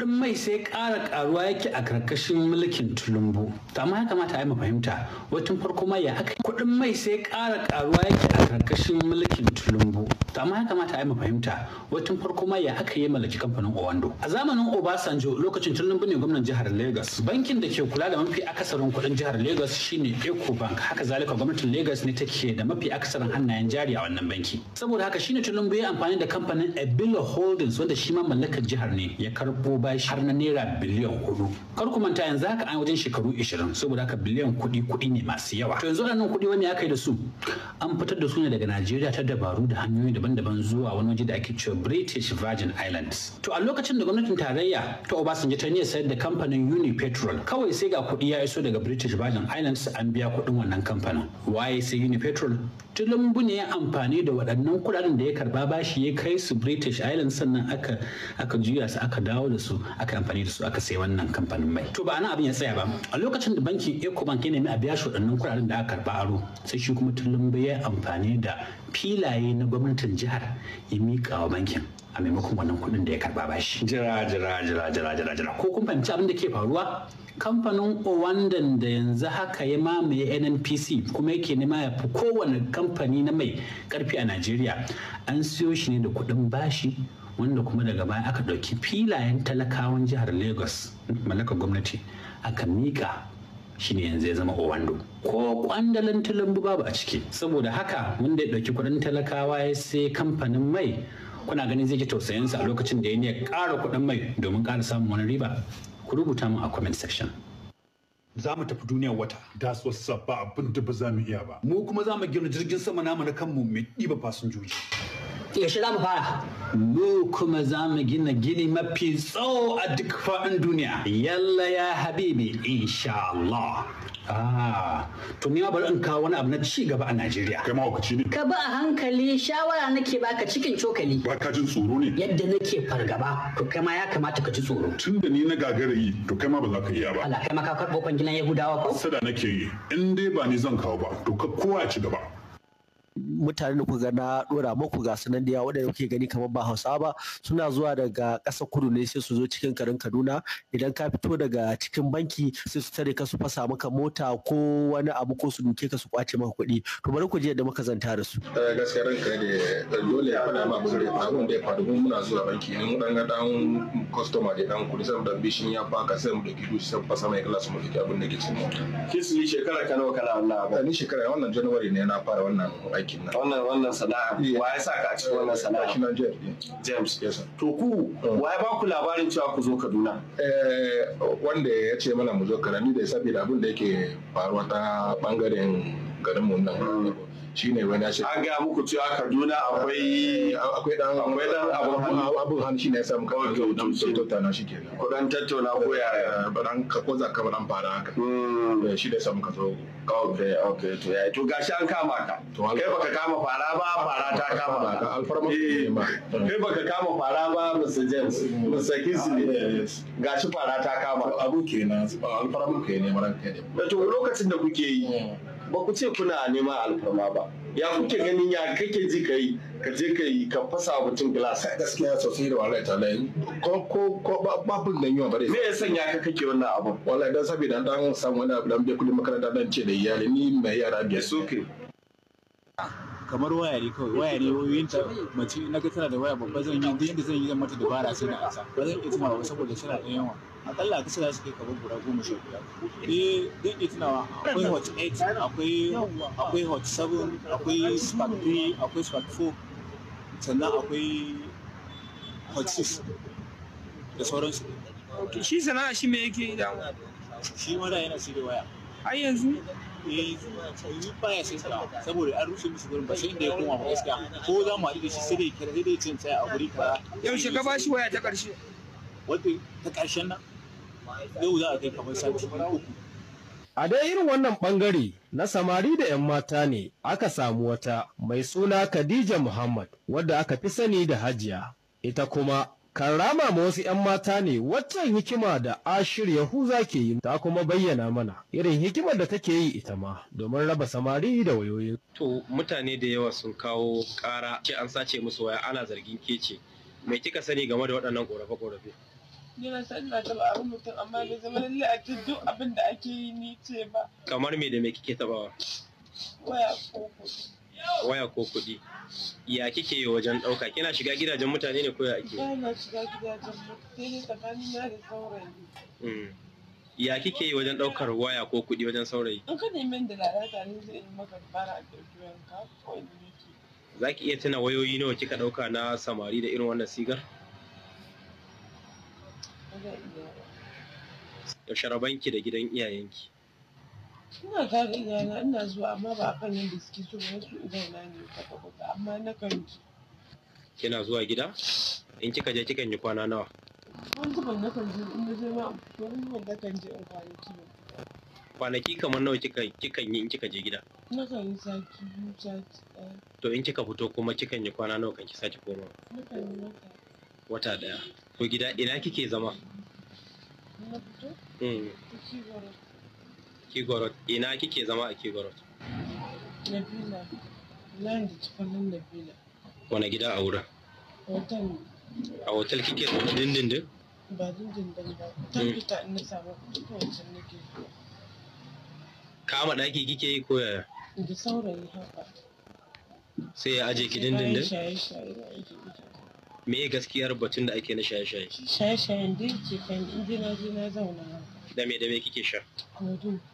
Kudin mai sai ƙara ƙaruwa yake a karkashin mulkin tulumbu to amma ya kamata a yi fahimta watan farko ma ya haka kuɗin mai sai ƙara ƙaruwa yake a karkashin mulkin tulumbu to amma ya kamata a yi fahimta watan farko ma ya haka ya mallaki kamfanin Owando a zamanin Obasanjo lokacin tulumbu ne gwamnan jihar Legas. bankin da ke kula da mafi akasarin kuɗin jihar Legas shine Ecobank haka zalika gwamnatin Legas ne take da mafi akasarin hannayen jari a wannan banki saboda haka shine tulumbu ya amfani da kamfanin Ebilo Holdings wanda shi ma mallakar jihar ne ya karɓo bashi har na naira biliyan hudu kar ku manta yanzu haka an wajen shekaru 20 saboda haka biliyan kuɗi kuɗi ne masu yawa to yanzu wannan kudi wani aka yi da su an fitar da su ne daga Najeriya ta dabaru da hanyoyi daban-daban zuwa wani waje da ake cewa British Virgin Islands to a lokacin da gwamnatin tarayya ta Obasanjo ta niyyar sayar da kamfanin Unipetrol kawai sai ga kudi ya iso daga British Virgin Islands an biya kudin wannan kamfanin waye sai Unipetrol Tinubu ne ya amfani da waɗannan kuɗaɗen da ya karba bashi ya kai su British Island sannan aka aka juya su aka dawo da su aka amfani da su aka sai wannan kamfanin mai. To ba ana abin ya tsaya ba. A lokacin da bankin Ecobank ya nemi a biya shi waɗannan kuɗaɗen da aka karba aro sai shi kuma Tinubu ya amfani da filaye na gwamnatin jihar ya miƙa wa bankin. a maimakon wannan kuɗin da ya karba bashi. Jira jira jira jira jira jira ko kun fahimci abin da ke faruwa kamfanin owandan da yanzu haka ya mamaye nnpc kuma yake nema ya fi kowane kamfani na mai karfi a najeriya an siyo shi ne da kuɗin bashi wanda kuma daga baya aka ɗauki filayen talakawan jihar lagos mallakar gwamnati aka mika shi ne yanzu ya zama owando ko kwandalin talambu babu a ciki saboda haka wanda ya ɗauki kuɗin talakawa ya sai kamfanin mai kuna ganin zai ji tausayin a lokacin da ya ne ƙara kuɗin mai domin ƙara samun wani riba ku rubuta min a comment section za mu tafi duniyar wata da su sabba, abin da ba za mu iya ba mu kuma za mu gina jirgin sama namu na kanmu mai ɗiba fasinjoji yaushe za mu fara mu kuma za mu gina gini mafi tsawo a duk faɗin duniya yalla ya habibi insha Allah Ah, to ni ma bari in kawo wani abu na ci gaba a Najeriya. Kai mahaukaci ne. Ka ba a hankali shawara nake baka cikin cokali. Ba ka jin tsoro ne. Yadda nake fargaba to kai ma ya kamata ka ji tsoro. Tun da ni na gagara yi to kai ma ba za ka iya ba. Allah kai ma ka karɓo kwangilan Yahudawa ko? Sada nake yi in dai ba ni zan kawo ba to ka kowa ci gaba. Mutane da kuka na dora muku ga sunan da yawa waɗanda kuke gani kamar ba Hausawa ba suna zuwa daga ƙasar kudu ne sai su zo cikin garin Kaduna idan ka fito daga cikin banki sai su tare ka su fasa maka mota ko wani abu ko su duke ka su kwace maka kuɗi to bari ku je da muka zanta da su eh, gaskiya ranka ne eh, dole ya faɗa ma abin da ya faru mun muna zuwa banki mun dan ga dan customer da dan kuɗi sai dan bishin ya baka sai mu dake dushi sai fasa mai glass mu dake abin da ke cikin mota shekara kana kana ba eh, ni shekara wannan January ne na fara wannan aikin nan wannan wannan sana'a wa ya saka a cikin wannan sana'a shi nan James yes to ku mm. wa ya ba ku labarin cewa ku zo Kaduna eh wanda ya ce mana mu zo Kaduna da saboda abin da yake faruwa ta bangaren garin mu nan mm. shine wani shi an ga muku cewa Kaduna akwai akwai dan akwai dan abun abun hannu shine ya samu kawai ga dan su tana shi kenan ko dan tattauna ko ya eh, baran ka ko ka baran fara haka hmm. eh, shi da ya samu ka zo okay okay to ya to gashi an kama ka kai baka kama fara ba fara ta kama ka alfarma eh, ma kai baka kama fara ba Mr James Mr Kingsley ah, gashi fara ta kama abu kenan alfarma kai ne maran kenan to lokacin da kuke yi hmm. ba ku ce kuna neman alfarma ba ya kuke ganin ya kake ji kai ka je ka yi ka fasa mutum glass gaskiya sosai da wallahi ta lai ko ko ko babun dan yawa bare me yasa ya sanya ka kake wannan abun wallahi dan saboda an dan samu wani abu dan bai kudin makaranta dan ce da iyali ni mai yara biyar suke kamar waya ne kawai waya ne wayoyin ta mace na ga tana da waya babba zan yi duk inda zan yi zan mata dabara sai na ansa ba zan iya tunawa saboda tana da yawa akalla ka sai su kai kamar guda goma sha biyar eh zan iya tunawa akwai hot 8 akwai akwai hot 7 akwai spark 3 akwai spark 4 sannan akwai hot 6 da sauransu shi sana'a shi me yake idan shi ma da yana sai da waya har yanzu eh baya sai sa saboda an rushe musu gurin ba sai inda ya koma ba iska. ko za mu haɗu da shi sai dai kira sai dai cin tsaya a guri kaza yaushe ka bashi waya ta ƙarshe wato ta ƙarshen nan yau za a kai kamar sati uku A dai irin wannan ɓangare na samari da 'yan mata ne aka samu wata mai suna Khadija Muhammad wadda aka fi sani da Hajiya, ita kuma kan rama ma wasu 'yan mata ne waccan hikima da ashir yahuza ke yi ta kuma bayyana mana irin hikimar da take yi ita ma domin raba samari da wayoyin. To mutane da yawa sun kawo ƙara ce an sace musu waya ana zargin kece mai kika sani game da waɗannan ƙorafe-ƙorafe. Yana sani na taɓa abin mutum amma bai zama lalle a ce duk abin da ake yi ni ce ba. Kamar me da me kike taɓawa? Waya ko waya ko kuɗi ya kike yi wajen ɗauka kina shiga gidajen mutane ne ko ya ake mm. ya kike yi wajen ɗaukar waya ko kuɗi wajen saurayi da ne zai yi maka bara a za ki iya tuna wayoyi nawa kika ɗauka na samari da irin wannan sigar yaushe rabanki da gidan iyayenki Ina tare iyayena ina zuwa amma ba a kan yadda suke so ba wasu iyayena ne kwata-kwata amma na kan je. Kina zuwa gida? In kika je kikan yi kwana nawa? Wani zuban na kan je in na je ma wani zuban na kan je in kwanaki ba. Kwanaki kamar nawa kika kikan yi in kika je gida? Na kan yi sati biyu sati ɗaya. To in kika fito kuma kikan yi kwana nawa kan ki sake komawa? Na kan yi wata. Wata ɗaya. To gida ina kike zama? Na fito? Mm. Kigorot ina kike zama a Kigorot Nabila nan da tukunin Nabila wani gida a wurin hotel a hotel kike zama dindin din ba dindin din ba ta fita mm. in na samu kuɗi ko wancan nake kama ɗaki kike yi ko yaya da saurayi haka sai ya aje ki dindin dindindin me ya gaskiyar batun da ake na shaye-shaye shaye-shayen da yake kan inji na je na zauna da me da me kike sha kodu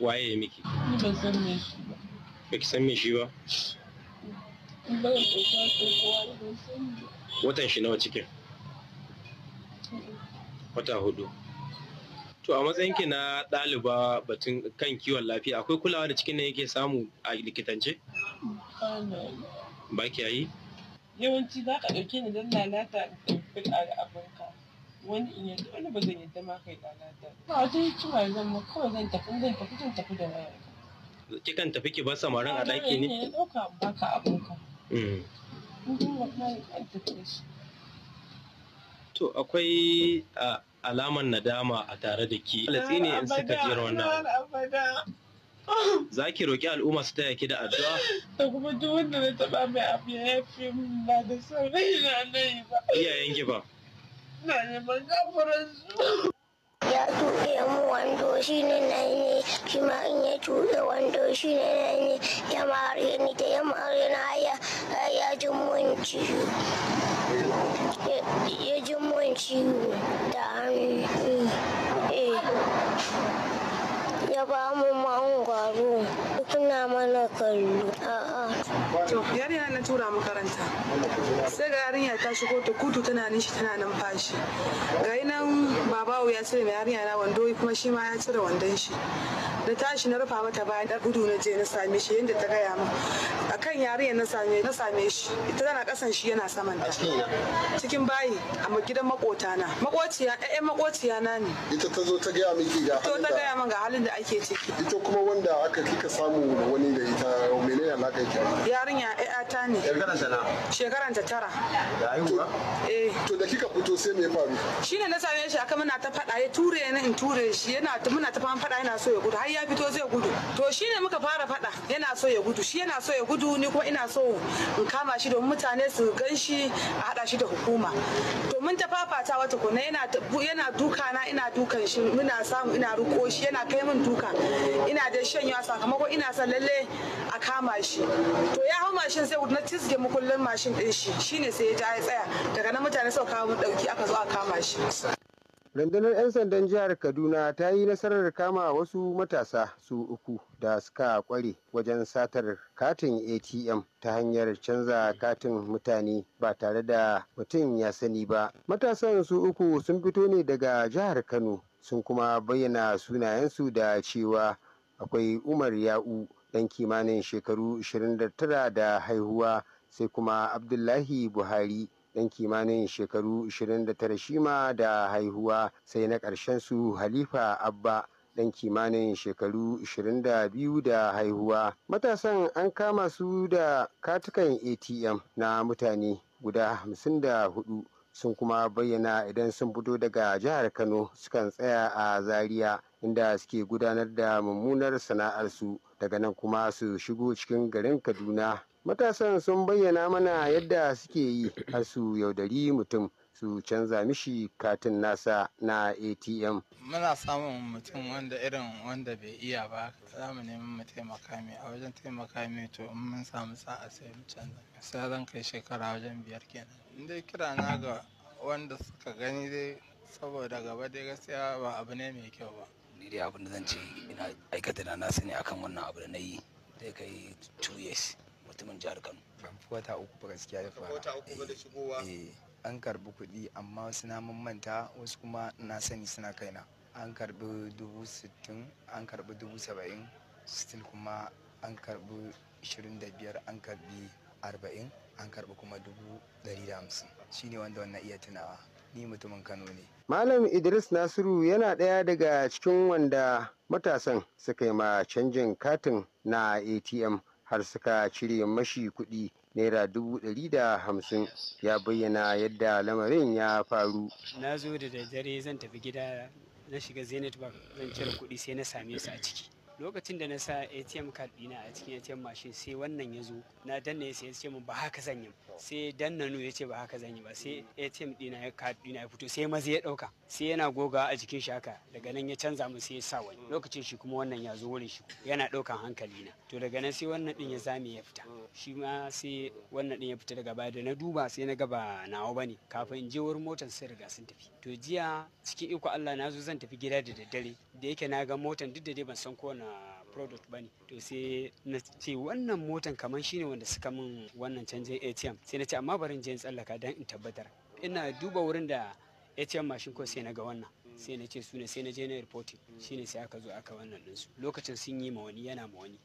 waye ya miki san me ba baki san me shi ba watan shi nawa cikin wata hudu to a matsayinki na ɗaliba batun kan kiwon lafiya akwai kulawa da cikin nan yake samu a likitance ba ki yi yawanci za ka ɗauke ni don lalata a abinka wani in yanzu wani ba zan yadda ma kai ɗana ta ba wata hikima zan ma kawai zan tafi zan tafi zan tafi da waya kikan tafi ki bar samarin a ɗaki ne na ɗauka baka aboka in kuma kuma mm. ni kan tafi da shi to akwai alaman nadama a tare da ki. alatsi ne in suka jera wannan za ki roƙi al'umma su taya ki da addu'a da kuma duk wanda na taɓa mai abu ya yafe min ba da saurayi na nan ba iyayen ki ba ya tuɗe mu wando shi ne na ne shi ma in ya tuɗe wando shi ne na ne ya mare ni da ya mare na ya ya ji mun ciwo ya ji mun ciwo da hannu eh, eh. ya ba mu mangwaro Ina mana kallo a'a to yana na tura makaranta sai ga yarinya ta shigo ta kutu tana nishi tana fashi, ga nan babawo ya cire mai yarinya na wando kuma shi ma ya cire wandon shi da tashi na rufa mata bayan da gudu na je na same shi yadda ta gaya mu akan yarinya na same na same shi ita tana kasan shi yana saman ta cikin bayi a gidan makota na makociya ɗaya makociya na ne ita ta zo ta gaya miki ga to ta gaya min ga halin da ake ciki ita kuma wanda aka kika samu samu da wani da ita mene ya laka yake yarinya ta ne Shekaran na shekaranta tara da haihuwa eh to da kika fito sai me faru shine na same shi aka muna ta fada ya ture ni in ture shi yana muna ta fada yana so ya gudu har ya fito zai gudu to shine muka fara fada yana so ya gudu shi yana so ya gudu ni kuma ina so in kama shi domin mutane su gan shi a hada shi da hukuma to mun ta fafata wata na yana yana duka na ina dukan shi muna samu ina ruko shi yana kai min duka ina da shanyewa sakamakon ina ina lalle a kama shi to ya hau mashin sai na cizge mukullin mashin din shi shine sai ya ja ya tsaya daga nan mutane sau kawo dauki aka zo a kama shi rundunar 'yan sandan jihar kaduna ta yi nasarar kama wasu matasa su uku da suka kware wajen satar katin atm ta hanyar canza katin mutane ba tare da mutum ya sani ba matasan su uku sun fito ne daga jihar kano sun kuma bayyana sunayensu da cewa akwai umar ya'u dan kimanin shekaru 29 da haihuwa sai kuma abdullahi buhari dan kimanin shekaru 29 shima da haihuwa sai na ƙarshen su halifa abba dan kimanin shekaru 22 da haihuwa matasan an kama su da katukan atm na mutane guda 54 sun kuma bayyana idan sun fito daga jihar kano sukan tsaya a zaria inda suke gudanar da mummunar sana'arsu daga nan kuma su shigo cikin garin kaduna matasan sun bayyana mana yadda suke yi har su yaudari mutum su canza mishi katin nasa na atm muna samun mutum wanda irin wanda bai iya ba za mu nemi mu taimaka mai a wajen taimaka mai to in mun samu sa'a sai mu canza sai zan kai shekara wajen biyar kenan dai kira na ga wanda suka gani dai saboda gaba dai gaskiya ba abu ne mai kyau ba ni dai abin da zan ce ina aikata na sani ne akan wannan abu da na yi zai kai two years mutumin jihar kano ban fi wata uku ba gaskiya da fara wata uku da shigowa eh, an karbi kuɗi amma wasu na manta wasu kuma na sani suna kaina an karbi dubu sittin an karbi dubu saba'in still kuma an karbi ishirin da biyar an karbi arba'in an karbi kuma dubu ɗari da hamsin shine wanda wannan iya tunawa ni mutumin Kano ne. Malam Idris Nasiru yana ɗaya daga cikin wanda matasan suka yi ma canjin katin na ATM har suka cire mashi kuɗi naira dubu ɗari da hamsin ya bayyana yadda lamarin ya faru. Na zo da daddare zan tafi gida na shiga Zenith Bank zan cire kuɗi sai na same su a ciki. lokacin da na sa atm card dina a cikin atm machine sai wannan ya zo na danna sai ya ce min ba haka zan yi sai danna nu ya ce ba haka zan yi ba sai atm dina ya card dina ya fito sai maza ya dauka sai yana goga a jikin shi haka daga nan ya canza mu sai ya sa wani lokacin shi kuma wannan ya zo wurin shi yana daukan hankali na to daga nan sai wannan din ya zame ya fita shi ma sai wannan din ya fita daga baya da na duba sai na ga ba nawa bane kafin in je wurin motar sai riga sun tafi to jiya cikin iko Allah na zo zan tafi gida da daddare da yake na ga motan duk da dai ban san kowane product ba ne to sai na ce wannan motan kamar shine wanda suka min wannan canjin atm sai na ce amma barin je in tsallaka dan in tabbatar ina duba wurin da atm mashin ko sai na ga wannan sai na ce su sai na je na reporting shine sai aka zo aka wannan su lokacin sun yi ma wani yana ma wani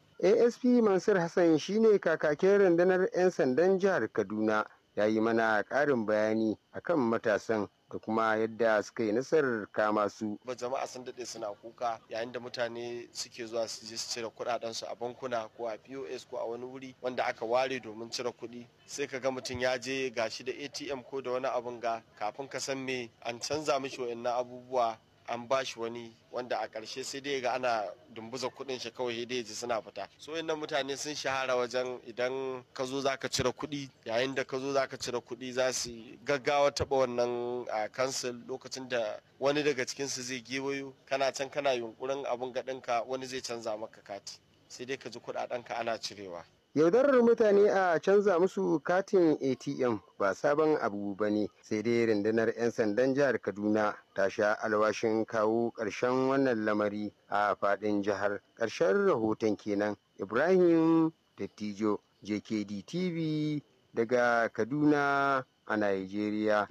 asp mansur hassan shine kakakin rundunar 'yan sandan jihar kaduna ya yi mana ƙarin bayani akan matasan da kuma yadda suka yi nasarar kama su. Ba jama'a sun daɗe suna kuka yayin da mutane suke zuwa su je su cire kuɗaɗen su a bankuna ko a POS ko a wani wuri wanda aka ware domin cire kuɗi sai ka ga mutum ya je gashi da ATM ko da wani abun ga kafin ka san me an canza mishi wa'annan abubuwa an ba shi wani wanda a karshe sai dai ga ana dumbuza kuɗin shi kawai dai ji suna fita so wayannan mutane sun shahara wajen idan ka zo zaka cire kuɗi yayin da ka zo zaka cire kuɗi za su gaggawa taɓa wannan kansil lokacin da wani daga cikin su zai gewayo kana can kana yunkurin abin gaɗinka wani zai canza maka kati sai dai ka ji ka ana cirewa yaudarar mutane a canza musu katin atm ba sabon abu ba ne sai dai rundunar 'yan sandan jihar kaduna ta sha alwashin kawo ƙarshen wannan lamari a faɗin jihar ƙarshen rahoton kenan ibrahim dattijo jkd tv daga kaduna a nigeria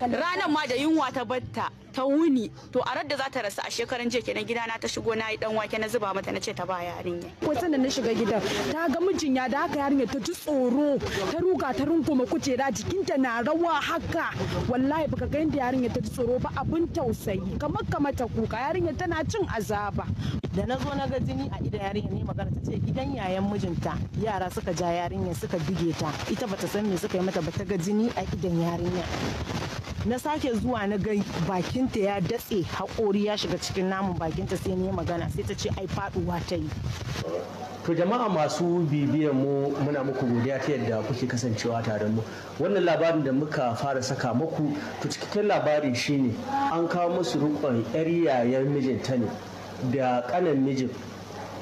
ranar ma da yunwa ta batta ta wuni to a da za ta rasu a shekaran jiya kenan gidana ta shigo na yi dan wake na zuba mata na ce ta ba yarinya wasan da na shiga gidan ta ga mijin ya da haka yarinya ta ji tsoro ta ruga ta rungume kujera jikinta na rawa haka wallahi baka ga yadda yarinya ta ji tsoro ba abin tausayi kamar kamar ta kuka yarinya tana cin azaba da na zo na ga jini a idan yarinya ne magana ta ce gidan yayan mijinta yara suka ja yarinya suka bige ta ita bata san me suka yi mata ba ta ga jini a idan yarinya na sake zuwa na ga bakinta ya datse haƙori ya shiga cikin namun bakinta sai ne magana sai ta ce ai faɗuwa ta yi to jama'a masu bibiyar mu muna muku godiya ta yadda kuke kasancewa tare mu wannan labarin da muka fara saka muku to cikakken labari shine an kawo musu rukun yar yayan mijinta ne da kanan mijin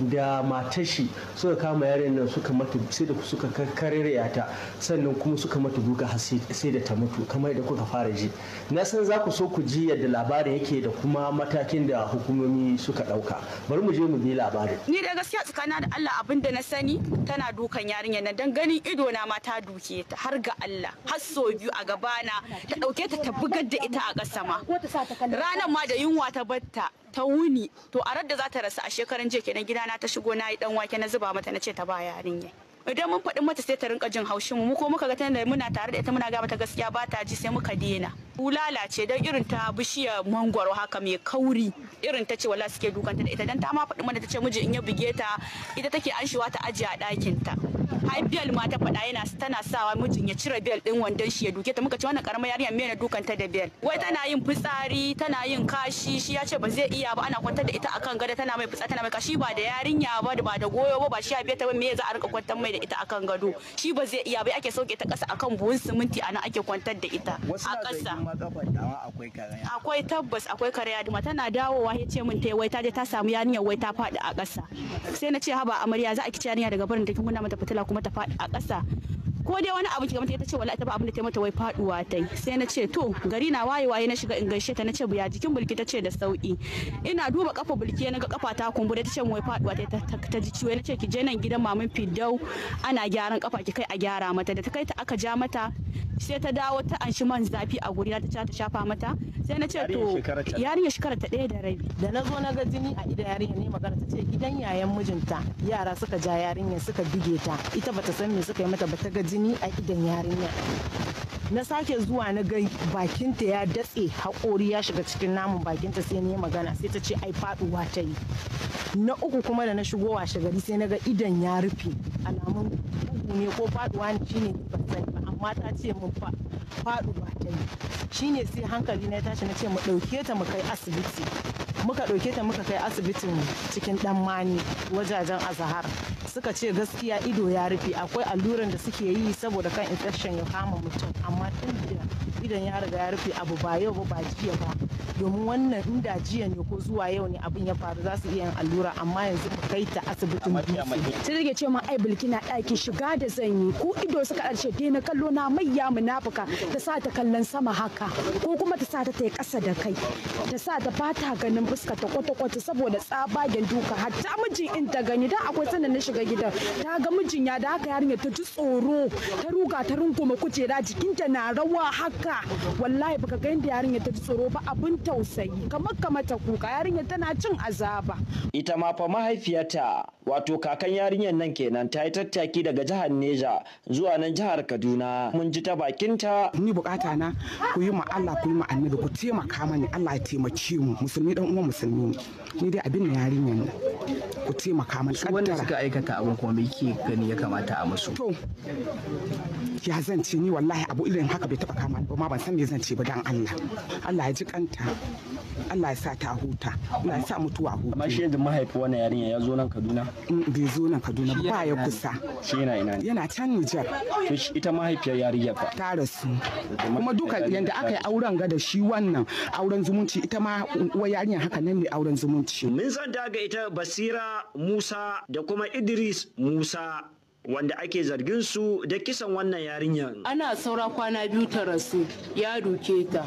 da matashi suka kama yaren nan suka mata sai da suka karere ta sannan kuma suka mata duka sai da ta mutu kamar da kuka fara ji na san za ku so ku ji yadda labarin yake da kuma matakin da hukumomi suka dauka bari mu je mu bi labarin ni da gaskiya tsakanin da Allah abin da na sani tana dukan yarinyar nan dan ganin ido na mata ta duke ta har ga Allah har so biyu a gabana ta dauke ta ta bugar da ita a kasama ma ranar ma da yunwa ta batta ta wuni to a da za ta rasu a shekaran jiya kenan gidana ta shigo na yi dan wake na zuba mata na ce ta ba yarinya idan mun faɗi mata sai ta rinka jin haushin mu ko muka ga tana muna tare da ita muna ga mata gaskiya ba ta ji sai muka dena bulala ce don irin ta bishiya mangwaro haka mai kauri irin ta ce wala suke dukanta da ita dan ta ma faɗi mana ta ce miji in ya buge ta ita take anshiwa ta ajiye a ɗakin ta hai biyal ma ta faɗa yana tana sawa mijin ya cire bel din wandon shi ya duke ta muka ce wannan karamar yarinya me na dukanta da bel wai tana yin fitsari tana yin kashi shi ya ce ba zai iya ba ana kwantar da ita akan gado tana mai fitsari tana mai kashi ba da yarinya ba da ba da goyo ba ba shi ya biya ta ba me za a rika kwantar mai da ita akan gado shi ba zai iya ba ake sauke ta kasa akan buhun siminti ana ake kwantar da ita a kasa akwai tabbas akwai karya duma tana dawowa ya ce min wai ta je ta samu yarinyar wai ta faɗi a ƙasa sai na ce haba amarya za a kici yarinya daga barin da kin kunna mata fitila kuma ta faɗi a ƙasa ko dai wani abu mata ita ce wallahi ta ba abin da ta mata wai faduwa tai sai na ce to gari na waye waye na shiga in gaishe ta na ce buya jikin bulki ta ce da sauki ina duba kafa bulki na ga kafa ta kumbura ta ce wai faduwa tai ta ji ciwo na ce ki je nan gidan mamin fidau ana gyaran kafa ki kai a gyara mata da ta kai ta aka ja mata sai ta dawo ta anshi man zafi a guri ta ta shafa mata sai na ce to yarinya shekara ta ɗaya da rai. da na zo na ga jini a ida yarinya ne magana ta ce gidan yayan mijinta yara suka ja yarinya suka bige ta ita bata san me suka yi mata bata ga jini a idan yarinya na sake zuwa na ga bakinta ya datse haƙori ya shiga cikin namun bakinta sai na yi magana sai ta ce ai faduwa ta yi na uku kuma da na shigo washe gari sai na ga idan ya rufe alamun ne ko faduwa ne shine ba sani ba mata ce mun faɗuwa ta yi shine sai hankali na tashi na ce mu ɗauke ta mu kai asibiti muka ɗauke ta muka kai asibitin cikin ɗan mani wajajen azahar suka ce gaskiya ido ya rufe akwai alluran da suke yi saboda kan infection ya kama mutum amma tun da idon ya riga ya rufe abu ba yau ba ba jiya ba domin wannan inda jiya ne ko zuwa yau ne abin ya faru za su iya yin allura amma yanzu mu kai ta asibitin dutse ta rage ce ma ai na daki shiga da zanyi ko ido suka ɗarce dai na kallo na mayya munafuka ta sa ta kallon sama haka ko kuma ta sa ta tai kasa da kai ta sa ta bata ganin fuska ta kwata-kwata saboda tsabagen duka hatta mijin in ta gani dan akwai sanin na shiga gidan ta ga mijin ya da haka yarinya ta ji tsoro ta ruga ta runguma kujera jikinta na rawa haka wallahi baka ga inda yarinya ta ji tsoro ba abin tausayi kamar kamata kuka yarinya tana cin azaba ita ma fa mahaifiyata wato kakan yarinyar nan kenan ta yi tattaki daga jihar Neja zuwa nan jihar Kaduna mun ji ta bakinta ni bukata na ku yi ma Allah ku yi ma annabi ku taimaka mani Allah ya taimake mu musulmi dan uwan musulmi ni dai abin yarinyar nan ku taimaka mani kan wanda suka aikata abin kuma me gani ya kamata a musu to ya zan ni wallahi abu irin haka bai taba kama ba ma ban san me zan ci ba dan Allah Allah ya ji kanta Allah ya sa ta huta Allah ya sa mutuwa huta amma shi yanzu mahaifi wannan yarinya ya zo nan Kaduna mm, bai zo nan Kaduna ba ya kusa shi yana ina yana can Nijar to ita mahaifiyar yarinya fa? ta rasu kuma duka yanda aka yi auren ga da shi wannan auren zumunci ita ma uwar yarinya haka nan ne auren zumunci mun san daga ita Basira Musa da kuma Idris Musa wanda ake zargin su da kisan wannan yarinyar. Ana saura kwana biyu ta rasu ya duke ta.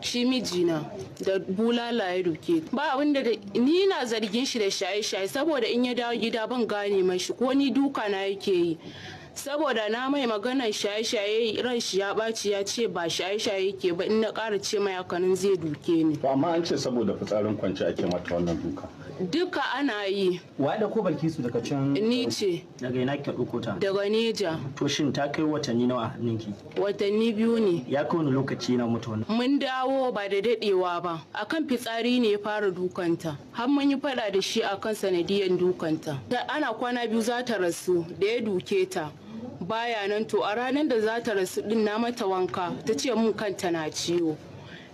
Shi mijina da bulala ya duke. Ba abinda da ni na zargin shi da shaye-shaye saboda in ya dawo gida ban gane mashi ko ni duka na yake yi. saboda na mai maganar shaye-shaye ran shi ya ɓaci ya ce ba shaye-shaye ke ba in na ƙara ce mai zai duke ni. ba amma an ce saboda fitsarin kwanci ake mata wannan duka. Duka ana yi. Wa da ko barki su daga can? Ni ce. Daga ina ke ɗauko ta? Daga Neja. To shin ta kai watanni nawa a ki? Watanni biyu ne. Ya kai wani lokaci na mutu wannan. Mun dawo ba da daɗewa ba. Akan fitsari ne ya fara dukanta. Har mun yi faɗa da shi akan sanadiyan dukanta. Ana kwana biyu za ta rasu da ya duke ta. baya nan to a ranar da za ta rasu din na mata wanka ta ce mun kanta na ciwo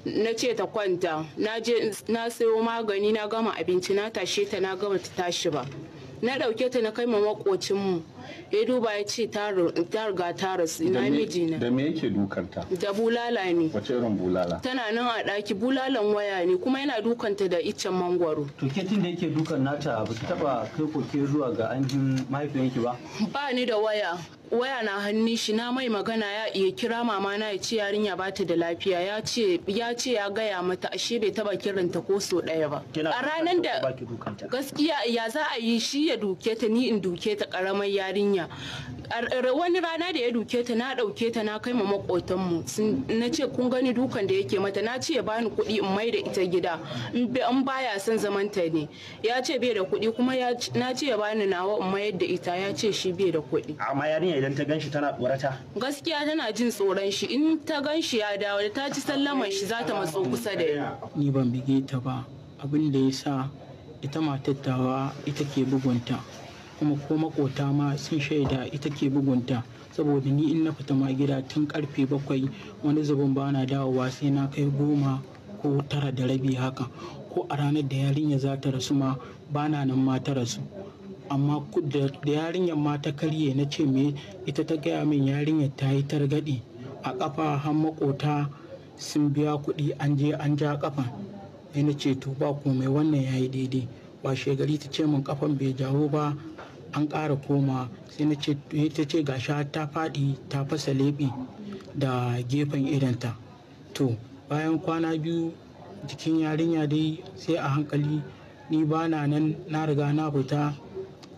na ce ta kwanta na je na sayo magani na gama abinci na tashe ta na gama ta tashi ba na ɗauke ta na kai ma makocin mu ya duba ya ce ta riga ta rasu ina mijina da me yake dukanta da bulala ne wace irin bulala tana nan a ɗaki bulalan waya ne kuma yana dukanta da iccen mangwaro to ke da yake dukan nata ba ta taba kai koke zuwa ga anjin mahaifiyanki ba ba ni da waya waya na hannun shi na mai magana ya iya kira mama na ya ce yarinya ba ta da lafiya ya ce ya gaya mata ashe bai taba kiranta ko so daya ba a ranar da gaskiya ya za a yi shi ya duke ta ni in duke ta karamar yarinya wani rana da ya duke ta na dauke ta na kai ma makotanmu na ce kun gani dukan da yake mata na ce bani kuɗi in mai da ita gida in baya son zamanta ne ya ce bai da kuɗi kuma na ce ya bani nawa in mayar da ita ya ce shi bai da kuɗi amma yarinya idan ta ganshi tana tsorata gaskiya tana jin tsoron shi in ta ganshi ya dawo da ta ci sallaman shi za ta matso kusa da ya. ni ban bige ta ba abin da ya sa ita matattawa ita ke bugunta kuma ko makota ma sun shaida ita ke bugunta saboda ni in na fita ma gida tun karfe bakwai wani zubin ba na dawowa sai na kai goma ko tara da rabi haka ko a ranar da yarinya za ta rasu ma ba na nan ma ta rasu amma da yarinyar ma ta karye na ce me ita ta gaya min yarinyar ta yi targadi a ƙafa har makota sun biya kuɗi an je an ja ƙafa sai ce to ba komai wannan ya yi daidai ba shegari ta ce min ƙafan bai jawo ba an ƙara koma sai na ce eh, ta ce gasha ta faɗi ta fasa leɓi da gefen idanta to bayan kwana biyu jikin yarinya dai sai a hankali ni ba na nan na riga na fita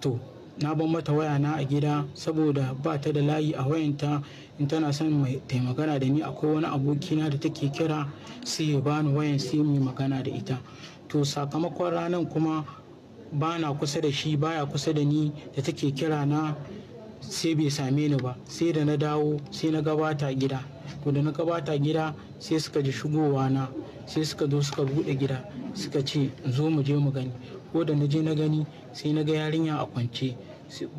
to na ban mata waya na a gida saboda ba ta da layi a wayanta in tana son mai taimakana da ni akwai wani abokina da take kira sai ya bani wayan sai mai magana da ita to sakamakon ranar kuma ba na kusa da shi baya kusa da ni da take kira na sai bai same ni ba sai da na dawo sai na gabata gida to da na gabata gida sai suka ji shigowa na sai suka zo suka bude gida suka ce zo mu je mu gani ko da na je na gani sai na ga yarinya a kwance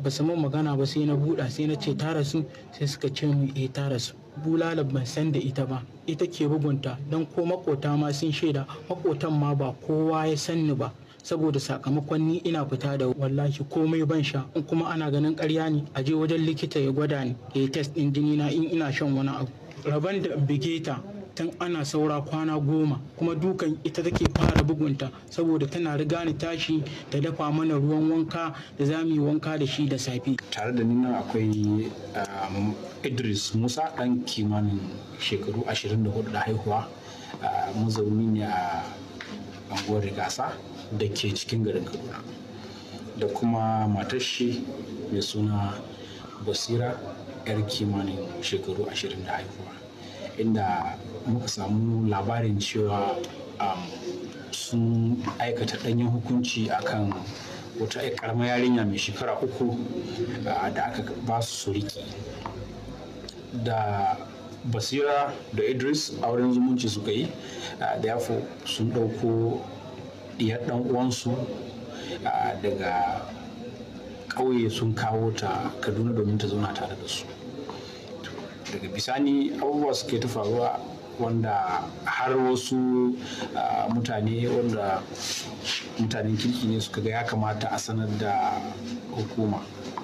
ba su min magana ba sai na buɗa sai na ce ta rasu sai suka ce mu eh ta rasu bulala ban san da ita ba ita ke bugunta don ko makota ma sun shaida makotan ma ba kowa ya sanni ba saboda sakamakon ni ina fita da wallahi komai ban sha in kuma ana ganin karya ne a je wajen likita ya gwada ni ya yi test ɗin jini na in ina shan wani abu rabon da bigeta. tun ana saura kwana goma kuma dukan ita take fara bugunta saboda tana riga ni tashi ta dafa mana ruwan wanka da za mu yi wanka da shi da safe tare da nan akwai um, idris musa ɗan kimanin shekaru 24 da haihuwa uh, mazauni ne a anguwar rigasa da ke cikin garin kaduna da kuma matar shi mai suna basira yar kimanin shekaru 20 da haihuwa inda muka samu labarin cewa um, sun aikata ɗanyen hukunci akan wata karama yarinya mai shekara uku uh, da aka ba su suriki da basira da idris auren zumunci suka yi da uh, yafo sun ɗauko ɗiyar ɗan uwansu uh, daga ƙauye sun kawo ta kaduna domin ta zauna tare da su daga bisani abubuwa suke ta faruwa wanda har wasu mutane wanda mutanen kirki ne suka ga ya kamata a sanar da hukuma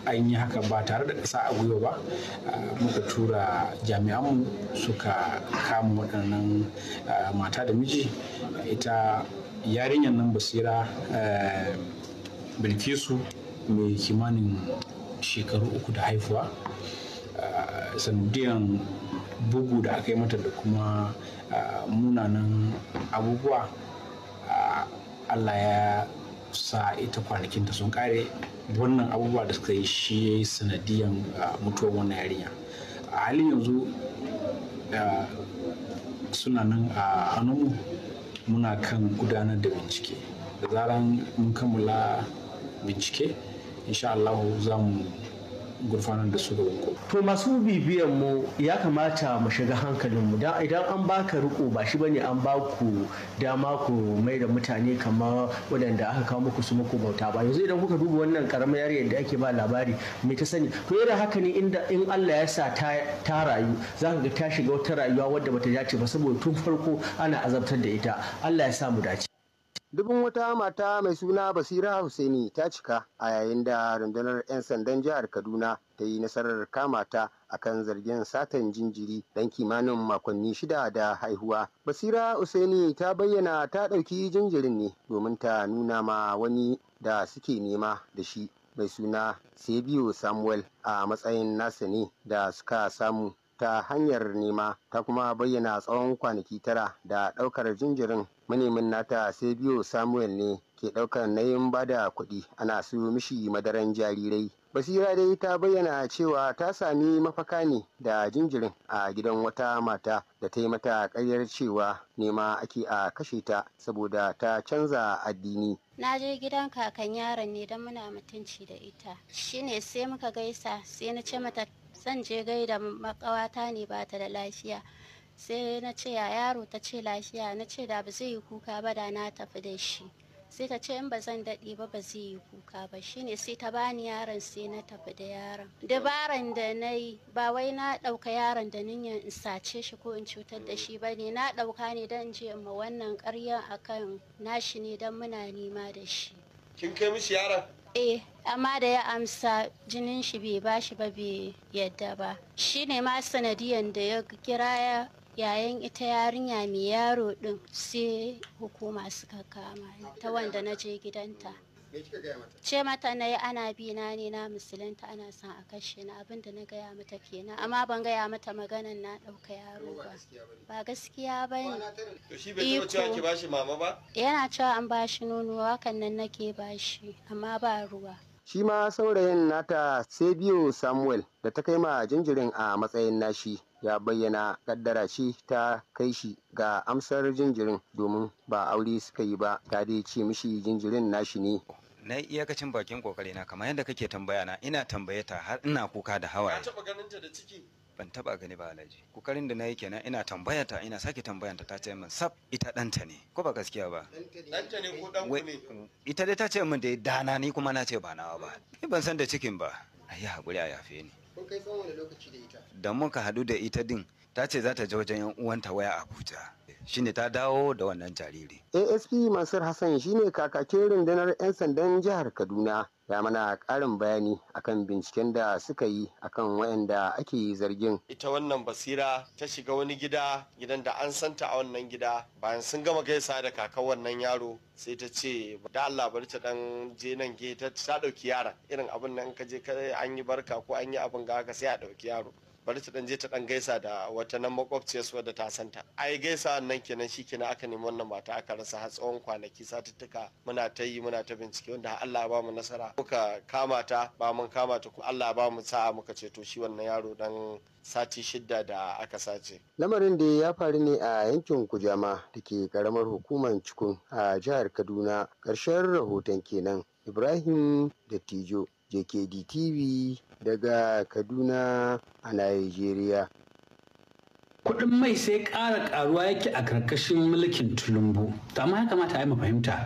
an yi haka ba tare da ƙasa a gwiwa ba muka tura jami'anmu suka kama waɗannan mata da miji ita yarinyar nan basira bilkisu mai kimanin shekaru uku da haifuwa sanadiyan bugu da aka yi mata da kuma munanan abubuwa allah ya sa ita kwanakinta sun kare wannan abubuwa da suka yi shi ya yi sanadiyan mutuwar wannan yarinya a halin yanzu suna nan a hannunmu muna kan gudanar da bincike da zaran mun kammala bincike insha allahu za mu gurfanar da su gaban kotu to masu bibiyan mu ya kamata mu shiga hankalin mu dan idan an baka riko ba shi bane an baku dama ku mai da mutane kamar waɗanda aka kawo muku su muku bauta ba yanzu idan kuka duba wannan karamar yarinyar da ake ba labari me ta sani to irin haka ne inda in Allah ya sa ta rayu za ka ga ta shiga wata rayuwa wadda bata dace ba saboda tun farko ana azabtar da ita Allah ya sa mu dace Dubin wata mata mai suna Basira Hussaini ta cika a yayin da rundunar 'yan sandan jihar Kaduna ta yi nasarar kama ta kan zargin satan jinjiri dan kimanin makonni shida da haihuwa. Basira Hussaini ta bayyana ta ɗauki jinjirin ne domin ta nuna ma wani da suke nema da shi mai suna Sebio Samuel a matsayin nasa ne da suka samu ta hanyar nema ta kuma bayyana tsawon kwanaki tara da ɗaukar jinjirin manemin nata Sebio Samuel ne ke ɗaukar nayin bada kuɗi ana su mishi madaran jarirai. Basira dai ta bayyana cewa ta sami mafaka ne da jinjirin a gidan wata mata da ta yi mata ƙaryar cewa nema ake a kashe ta saboda ta canza addini. na je gidan kakan yaron ne don muna mutunci da ita shine sai muka gaisa sai na ce mata zan je gaida makawata ne ba ta da lafiya sai na ce ya yaro ta ce lafiya na ce da ba zai yi kuka ba da na tafi da shi sai ta ce in ba zan daɗe ba ba zai yi kuka ba shine sai ta bani yaron sai na tafi da yaron dabaran da na yi ba wai na ɗauka yaron da nin in sace shi ko in cutar da shi ba ne na ɗauka ne don je ma wannan ƙaryan akan nashi ne don muna nima da shi kin kai mishi yaron eh amma da ya amsa jinin shi bai bashi ba bai yadda ba shine ma sanadiyan da ya kira yayin ita yarinya mai yaro din sai hukuma suka kama ta wanda na je gidanta ce mata na yi ana bi na ne na musulunta ana son a kashe na abinda na gaya mata kenan amma ban gaya mata maganan na ɗauka yaro ba ba gaskiya ba ne cewa an ba yana an bashi nono hakan nan nake bashi amma ba ruwa shi ma saurayin nata sabio Samuel da ta kai ma jinjirin a matsayin nashi ya bayyana kaddara shi ta kai shi ga amsar jinjirin domin ba aure suka yi ba ta dai ce mishi jinjirin nashi ne na yi iyakacin bakin kokari na kamar yadda kake tambaya na ina tambaye ta har ina kuka da hawaye taba ganin ta da ciki ban taba gani ba alhaji kokarin da na yi kenan ina tambaya ta ina sake tambayan ta ta ce min sab ita danta ne ko ba gaskiya ba danta ne ko dan ne ita dai ta ce min da dana ni kuma na ce ba nawa ba ni ban san da cikin ba ayi hakuri a yafe ni kun kai tsawon lokaci da ita da muka haɗu da ita din ta ce za ta je wajen yan uwanta waya abuja shine ta dawo da wannan jariri asp mansur hassan shine kakakin rundunar 'yan sandan jihar kaduna ya mana karin bayani akan binciken da suka yi akan wayanda ake zargin. Ita wannan basira ta shiga wani gida gidan da an santa a wannan gida bayan sun gama gaisa da kakan wannan yaro sai ta ce da Allah bari ta dan je nan ge ta dauki yaron irin abin nan ka je an yi barka ko an yi abin ga ka sai a dauki yaro. bari ta dan je ta dan gaisa da wata nan su wadda ta santa ai gaisa nan kenan shi kenan aka nemi wannan mata aka rasa har tsawon kwanaki satuttuka muna ta yi muna ta bincike wanda Allah ya ba mu nasara muka kama ta ba mun kama ta ko Allah ya ba mu sa'a muka ceto shi wannan yaro dan sati shidda da aka sace. Lamarin da ya faru ne a yankin Kujama da ke karamar hukumar Cikun a jihar Kaduna. Ƙarshen rahoton kenan Ibrahim da Tijo. jkd tv daga kaduna a nigeria Kudin mai sai ƙara ƙaruwa yake a ƙarƙashin mulkin tulumbu to amma ya kamata a yi fahimta